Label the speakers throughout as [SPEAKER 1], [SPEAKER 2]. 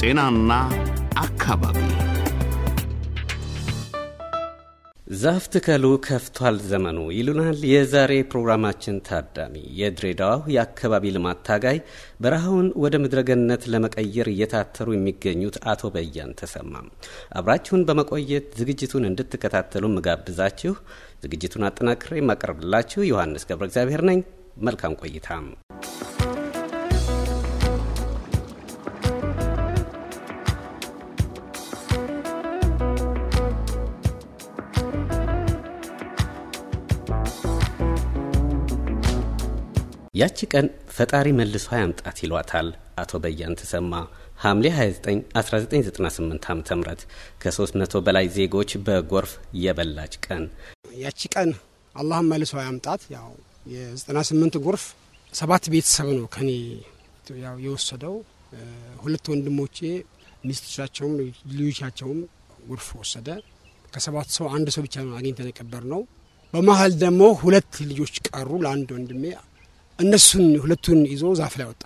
[SPEAKER 1] ጤናና አካባቢ ዛፍ ትከሉ ከፍቷል ዘመኑ ይሉናል የዛሬ ፕሮግራማችን ታዳሚ። የድሬዳዋ የአካባቢ ልማት ታጋይ በረሃውን ወደ ምድረገነት ለመቀየር እየታተሩ የሚገኙት አቶ በያን ተሰማም አብራችሁን በመቆየት ዝግጅቱን እንድትከታተሉ ምጋብዛችሁ። ዝግጅቱን አጠናክሬ ማቀርብላችሁ ዮሐንስ ገብረ እግዚአብሔር ነኝ። መልካም ቆይታ። ያቺ ቀን ፈጣሪ መልሶ ያምጣት ይሏታል አቶ በያን ተሰማ። ሐምሌ 29 1998 ዓ ም ከ300 በላይ ዜጎች በጎርፍ የበላች ቀን።
[SPEAKER 2] ያቺ ቀን አላህም መልሶ ያምጣት። ያው የዘጠና ስምንት ጎርፍ ሰባት ቤተሰብ ነው ከኔ ያው የወሰደው። ሁለት ወንድሞቼ ሚስቶቻቸውም ልጆቻቸውም ጎርፍ ወሰደ። ከሰባት ሰው አንድ ሰው ብቻ ነው አግኝተን የቀበር ነው። በመሀል ደግሞ ሁለት ልጆች ቀሩ ለአንድ ወንድሜ። እነሱን ሁለቱን ይዞ ዛፍ ላይ ወጣ።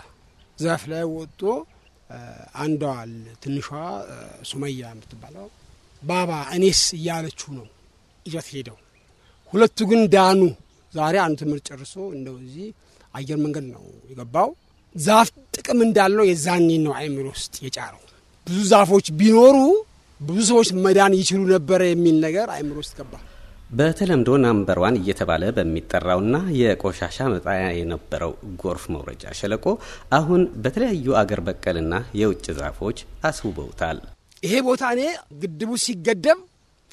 [SPEAKER 2] ዛፍ ላይ ወጥቶ አንዷል ትንሿ ሱመያ የምትባለው ባባ እኔስ እያለችው ነው ይዘት ሄደው። ሁለቱ ግን ዳኑ። ዛሬ አንድ ትምህርት ጨርሶ እንደዚህ አየር መንገድ ነው የገባው። ዛፍ ጥቅም እንዳለው የዛኔ ነው አይምሮ ውስጥ የጫረው። ብዙ ዛፎች ቢኖሩ ብዙ ሰዎች መዳን ይችሉ ነበረ የሚል ነገር አይምሮ ውስጥ ገባ።
[SPEAKER 1] በተለምዶ ናምበር ዋን እየተባለ በሚጠራውና የቆሻሻ መጣያ የነበረው ጎርፍ መውረጃ ሸለቆ አሁን በተለያዩ አገር በቀልና የውጭ ዛፎች አስውበውታል። ይሄ ቦታ እኔ ግድቡ ሲገደብ፣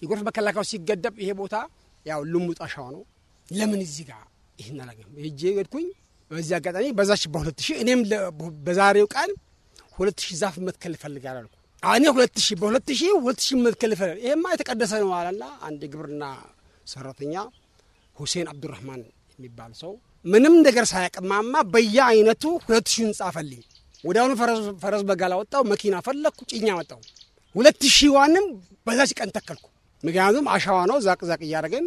[SPEAKER 1] የጎርፍ መከላከያው ሲገደብ ይሄ ቦታ
[SPEAKER 2] ያው ልሙጥ ነው ለምን እዚህ ጋር ይህን አላገኘም? ሄጄ ሄድኩኝ። በዚህ አጋጣሚ በዛች በ ሺህ እኔም በዛሬው ቀን ሁለት ዛፍ መትከል እፈልጋለሁ አልኩ። እኔ ሁለት በ በሁለት ሺህ መትከል እፈልጋለሁ ይሄማ የተቀደሰ ነው አላላ አንድ ግብርና ሰራተኛ ሁሴን አብዱራህማን የሚባል ሰው ምንም ነገር ሳያቀማማ በየአይነቱ ሁለት ሺህ ህንጻ ፈልኝ። ወደ አሁኑ ፈረስ በጋላ ወጣው፣ መኪና ፈለግኩ፣ ጭኛ ወጣው። ሁለት ሺህ ዋንም በዛች ቀን ተከልኩ። ምክንያቱም አሸዋ ነው ዛቅ እያደረገን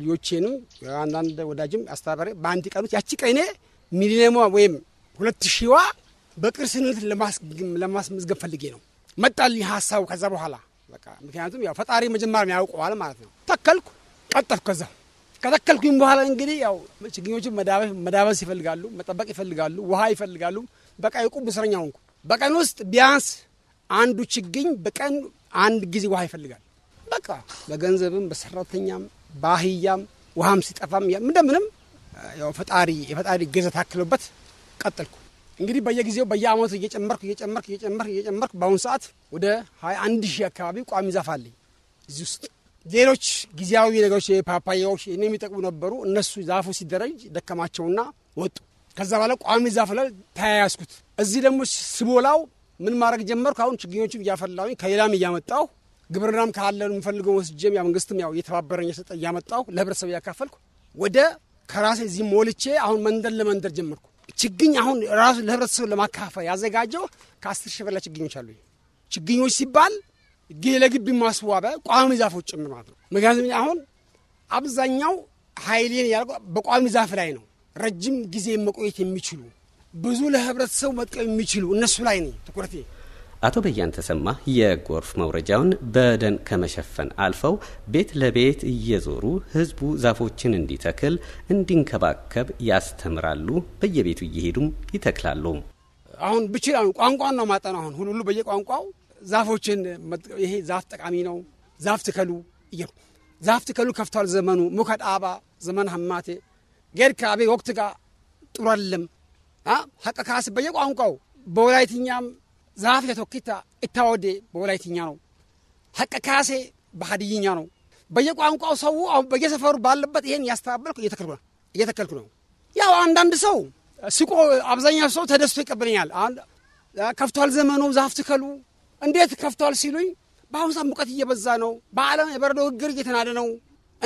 [SPEAKER 2] ልጆቼንም አንዳንድ ወዳጅም አስተባበሬ በአንድ ቀኑት ያቺ ቀይኔ ሚሊኒየሟ ወይም ሁለት ሺዋ በቅርስነት ለማስመዝገብ ፈልጌ ነው መጣልኝ ሀሳቡ። ከዛ በኋላ በቃ ምክንያቱም ያው ፈጣሪ መጀመሪያ ያውቀዋል ማለት ነው። ተከልኩ፣ ቀጠልኩ። ከዛ ከተከልኩኝ በኋላ እንግዲህ ያው ችግኞቹ መዳበስ ይፈልጋሉ፣ መጠበቅ ይፈልጋሉ፣ ውሃ ይፈልጋሉ። በቃ የቁም እስረኛ ሆንኩ። በቀን ውስጥ ቢያንስ አንዱ ችግኝ በቀን አንድ ጊዜ ውሃ ይፈልጋል። በቃ በገንዘብም በሰራተኛም በአህያም ውሃም ሲጠፋም እንደምንም ያው ፈጣሪ የፈጣሪ ገዛ ታክሎበት ቀጠልኩ። እንግዲህ በየጊዜው በየአመቱ እየጨመርኩ እየጨመርኩ እየጨመርኩ እየጨመርኩ በአሁኑ ሰዓት ወደ 21 ሺህ አካባቢ ቋሚ ዛፍ አለኝ እዚህ ውስጥ። ሌሎች ጊዜያዊ ነገሮች ፓፓያዎች እኔ የሚጠቅሙ ነበሩ። እነሱ ዛፉ ሲደረጅ ደከማቸውና ወጡ። ከዛ በኋላ ቋሚ ዛፍ ላይ ተያያዝኩት። እዚህ ደግሞ ስቦላው ምን ማድረግ ጀመርኩ? አሁን ችግኞችም እያፈላሁኝ ከሌላም እያመጣሁ ግብርናም ካለ የምፈልገው ወስጄም ያ መንግስትም ያው እየተባበረኝ የሰጠ እያመጣሁ ለህብረተሰብ እያካፈልኩ ወደ ከራሴ እዚህ ሞልቼ አሁን መንደር ለመንደር ጀመርኩ። ችግኝ አሁን ራሱ ለህብረተሰብ ለማካፈል ያዘጋጀው ከአስር ሺህ በላይ ችግኞች አሉ። ችግኞች ሲባል ለግቢ ማስዋቢያ ቋሚ ዛፎች ጭምር ማለት ነው። ምክንያቱም አሁን አብዛኛው ኃይሌን ያልኩ በቋሚ ዛፍ ላይ ነው። ረጅም ጊዜ መቆየት የሚችሉ ብዙ ለህብረተሰቡ መጥቀም የሚችሉ እነሱ ላይ ነው ትኩረቴ።
[SPEAKER 1] አቶ በያን ተሰማ የጎርፍ መውረጃውን በደን ከመሸፈን አልፈው ቤት ለቤት እየዞሩ ህዝቡ ዛፎችን እንዲተክል እንዲንከባከብ ያስተምራሉ። በየቤቱ እየሄዱም ይተክላሉ።
[SPEAKER 2] አሁን ብችል ቋንቋን ነው ማጠን አሁን ሁሉ በየቋንቋው ዛፎችን ይሄ ዛፍ ጠቃሚ ነው፣ ዛፍ ትከሉ እየሉ ዛፍ ትከሉ ከፍቷል ዘመኑ ሙከት አባ ዘመን ሀማቴ ጌድካ አቤ ወቅት ጋር ጥሩ አለም ሀቀ ካስ በየቋንቋው በወላይትኛም ዛፍ የተወኪታ እታወዴ በወላይትኛ ነው። ሀቀ ካሴ በሀድይኛ ነው። በየቋንቋው ሰው አሁን በየሰፈሩ ባለበት ይሄን ያስተባበልኩ እየተከልኩ ነው። ያው አንዳንድ ሰው ስቆ አብዛኛው ሰው ተደስቶ ይቀበለኛል። ከፍቷል ዘመኑ ዛፍ ትከሉ እንዴት ከፍቷል ሲሉኝ፣ በአሁኑ ሰዓት ሙቀት እየበዛ ነው፣ በዓለም የበረዶ ግግር እየተናደ ነው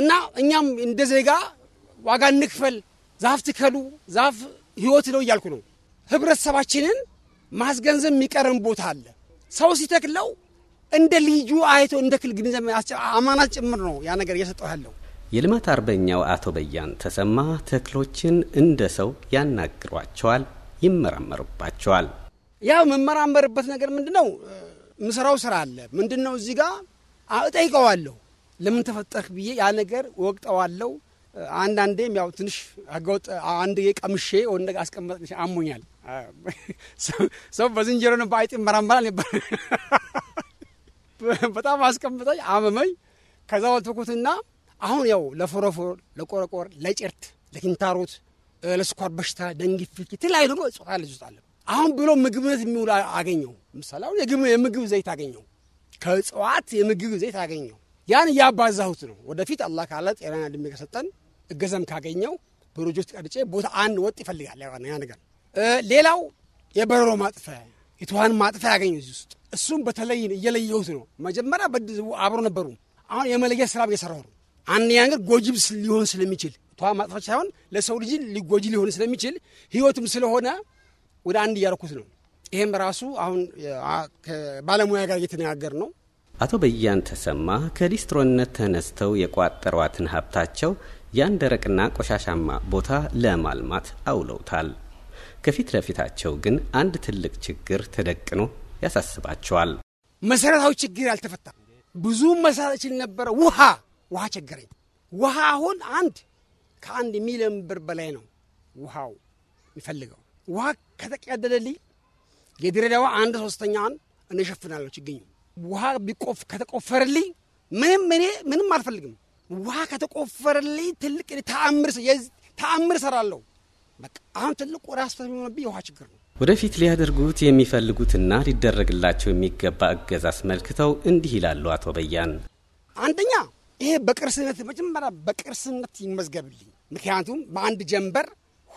[SPEAKER 2] እና እኛም እንደ ዜጋ ዋጋ እንክፈል፣ ዛፍ ትከሉ፣ ዛፍ ህይወት ነው እያልኩ ነው ህብረተሰባችንን ማስገንዘብ የሚቀርም ቦታ አለ። ሰው ሲተክለው እንደ ልዩ አይቶ እንደ ክል ግንዘብ አማናት ጭምር ነው ያ ነገር እየሰጠው
[SPEAKER 1] ያለው። የልማት አርበኛው አቶ በያን ተሰማ ተክሎችን እንደ ሰው ያናግሯቸዋል፣ ይመራመሩባቸዋል።
[SPEAKER 2] ያው የምመራመርበት ነገር ምንድነው ነው? ምሰራው ስራ አለ ምንድነው ነው? እዚህ ጋር እጠይቀዋለሁ። ለምን ተፈጠርክ ብዬ ያ ነገር ወቅጠዋለሁ። አንዳንዴም ያው ትንሽ ህገወጥ አንድ ቀምሼ ወንደ አስቀመጥ አሞኛል። ሰው በዝንጀሮ ነው በአይጥ ይመራመራል ነበር። በጣም አስቀምጠኝ አመመኝ። ከዛ ወተኩትና አሁን ያው ለፎረፎር፣ ለቆረቆር፣ ለጭርት፣ ለኪንታሮት፣ ለስኳር በሽታ፣ ደንግፊት የተለያዩ ደግሞ እጽዋት ልጅጣለ አሁን ብሎ ምግብነት የሚውል አገኘው። ምሳሌ አሁን የምግብ ዘይት አገኘው፣ ከእጽዋት የምግብ ዘይት አገኘው። ያን እያባዛሁት ነው። ወደፊት አላህ ካለ ጤናና ዕድሜ ከሰጠን እገዘም ካገኘው ፕሮጀክት ቀርጬ ቦታ አንድ ወጥ ይፈልጋል ያ ነገር ሌላው የበረሮ ማጥፊያ የትኋን ማጥፊያ ያገኙ እዚህ ውስጥ እሱም በተለይ እየለየሁት ነው። መጀመሪያ አብሮ ነበሩ። አሁን የመለየት ስራ እየሰራሁ ነው። አንድ ነገር ጎጅብ ሊሆን ስለሚችል ትኋ ማጥፋት ሳይሆን ለሰው ልጅ ሊጎጅ ሊሆን ስለሚችል ህይወትም ስለሆነ ወደ አንድ እያደረኩት ነው። ይህም ራሱ አሁን ባለሙያ ጋር እየተነጋገር ነው።
[SPEAKER 1] አቶ በያን ተሰማ ከሊስትሮነት ተነስተው የቋጠሯትን ሀብታቸው ያን ደረቅና ቆሻሻማ ቦታ ለማልማት አውለውታል። ከፊት ለፊታቸው ግን አንድ ትልቅ ችግር ተደቅኖ ያሳስባቸዋል።
[SPEAKER 2] መሰረታዊ ችግር ያልተፈታ ብዙ መሰረት ችል ነበረ። ውሃ ውሃ ቸገረኝ። ውሃ አሁን አንድ ከአንድ ሚሊዮን ብር በላይ ነው ውሃው የሚፈልገው። ውሃ ከተቀደለልኝ የድሬዳዋ አንድ ሶስተኛዋን እንሸፍናለሁ ችግኙ። ውሃ ቢቆፍ ከተቆፈርልኝ ምንም እኔ ምንም አልፈልግም። ውሃ ከተቆፈርልኝ ትልቅ ተአምር ተአምር እሰራለሁ። በቃ አሁን ትልቁ ራስ የሚሆነብኝ የውሃ ችግር ነው።
[SPEAKER 1] ወደፊት ሊያደርጉት የሚፈልጉትና ሊደረግላቸው የሚገባ እገዛ አስመልክተው እንዲህ ይላሉ አቶ በያን።
[SPEAKER 2] አንደኛ ይሄ በቅርስነት መጀመሪያ በቅርስነት ይመዝገብልኝ። ምክንያቱም በአንድ ጀንበር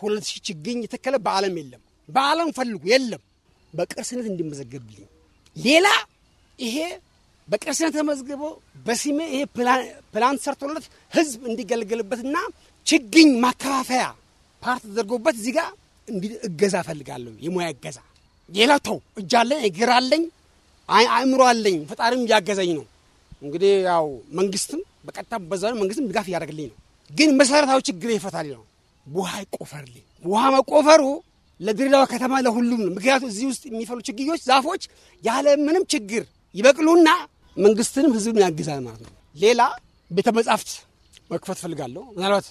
[SPEAKER 2] ሁለት ሺህ ችግኝ የተከለ በዓለም የለም። በዓለም ፈልጉ የለም። በቅርስነት እንዲመዘገብልኝ። ሌላ ይሄ በቅርስነት ተመዝግቦ በስሜ ይሄ ፕላን ሰርቶለት ህዝብ እንዲገለገልበትና ችግኝ ማከፋፈያ ፓርት ተደርጎበት እዚህ ጋር እገዛ ፈልጋለሁ፣ የሙያ እገዛ ሌላ ተው፣ እጃለኝ እግር አለኝ አእምሮ አለኝ፣ ፈጣሪም እያገዘኝ ነው። እንግዲህ ያው መንግስትም በቀጥታ በዛ መንግስትም ድጋፍ እያደረግልኝ ነው። ግን መሰረታዊ ችግር ይፈታል ነው ውሃ ይቆፈርልኝ። ውሃ መቆፈሩ ለድሬዳዋ ከተማ ለሁሉም ነው። ምክንያቱም እዚህ ውስጥ የሚፈሉ ችግኞች፣ ዛፎች ያለ ምንም ችግር ይበቅሉና መንግስትንም ህዝብም ያግዛል ማለት ነው። ሌላ ቤተ መጻሕፍት መክፈት እፈልጋለሁ ምናልባት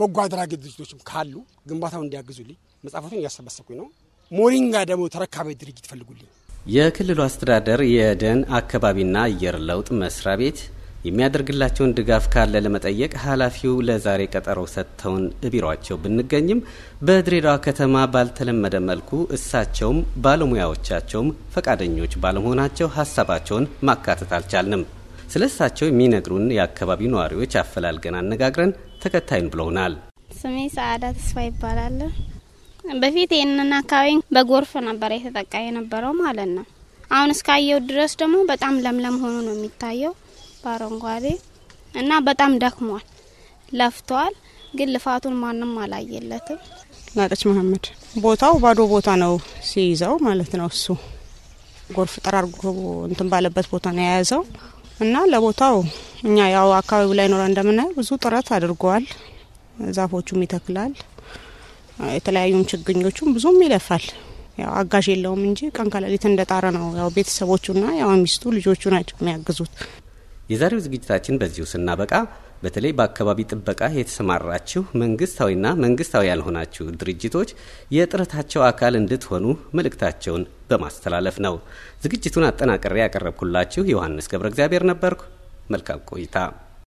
[SPEAKER 2] በጎ አድራጊ ድርጅቶችም ካሉ ግንባታው እንዲያግዙልኝ መጽሐፎቱን እያሰባሰብኩኝ ነው። ሞሪንጋ ደግሞ ተረካቢ ድርጅት ይፈልጉልኝ።
[SPEAKER 1] የክልሉ አስተዳደር የደን አካባቢና አየር ለውጥ መስሪያ ቤት የሚያደርግላቸውን ድጋፍ ካለ ለመጠየቅ ኃላፊው ለዛሬ ቀጠሮ ሰጥተውን እቢሯቸው ብንገኝም በድሬዳዋ ከተማ ባልተለመደ መልኩ እሳቸውም ባለሙያዎቻቸውም ፈቃደኞች ባለመሆናቸው ሀሳባቸውን ማካተት አልቻልንም። ስለ እሳቸው የሚነግሩን የአካባቢው ነዋሪዎች አፈላልገን አነጋግረን ተከታይን ብለውናል። ስሜ ሰአዳ ተስፋ ይባላል። በፊት ይህንን አካባቢ በጎርፍ ነበር የተጠቃ የነበረው ማለት ነው። አሁን እስካየው ድረስ ደግሞ በጣም ለምለም ሆኖ ነው የሚታየው በአረንጓዴ እና በጣም ደክሟል፣ ለፍቷል። ግን ልፋቱን ማንም አላየለትም። ናጠች መሀመድ ቦታው ባዶ ቦታ ነው ሲይዘው ማለት ነው። እሱ ጎርፍ ጠራርጎ እንትን ባለበት ቦታ ነው የያዘው። እና ለቦታው እኛ ያው አካባቢው ላይ ኖረ እንደምናየው ብዙ ጥረት አድርገዋል። ዛፎቹም ይተክላል፣ የተለያዩም ችግኞቹም ብዙም ይለፋል። ያው አጋዥ የለውም እንጂ ቀን ከሌሊት እንደጣረ ነው። ያው ቤተሰቦቹና ያው ሚስቱ ልጆቹ ናቸው የሚያግዙት። የዛሬው ዝግጅታችን በዚሁ ስናበቃ በተለይ በአካባቢ ጥበቃ የተሰማራችሁ መንግስታዊና መንግስታዊ ያልሆናችሁ ድርጅቶች የጥረታቸው አካል እንድትሆኑ መልእክታቸውን በማስተላለፍ ነው። ዝግጅቱን አጠናቅሬ ያቀረብኩላችሁ ዮሐንስ ገብረ እግዚአብሔር ነበርኩ። መልካም ቆይታ